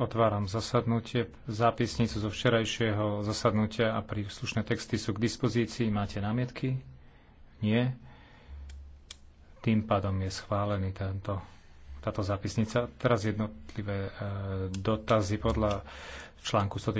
Otváram zasadnutie, zápisnicu zo včerajšieho zasadnutia a príslušné texty sú k dispozícii. Máte námietky? Nie. Tým pádom je schválený tento, táto zápisnica. Teraz jednotlivé e, dotazy podľa článku 100.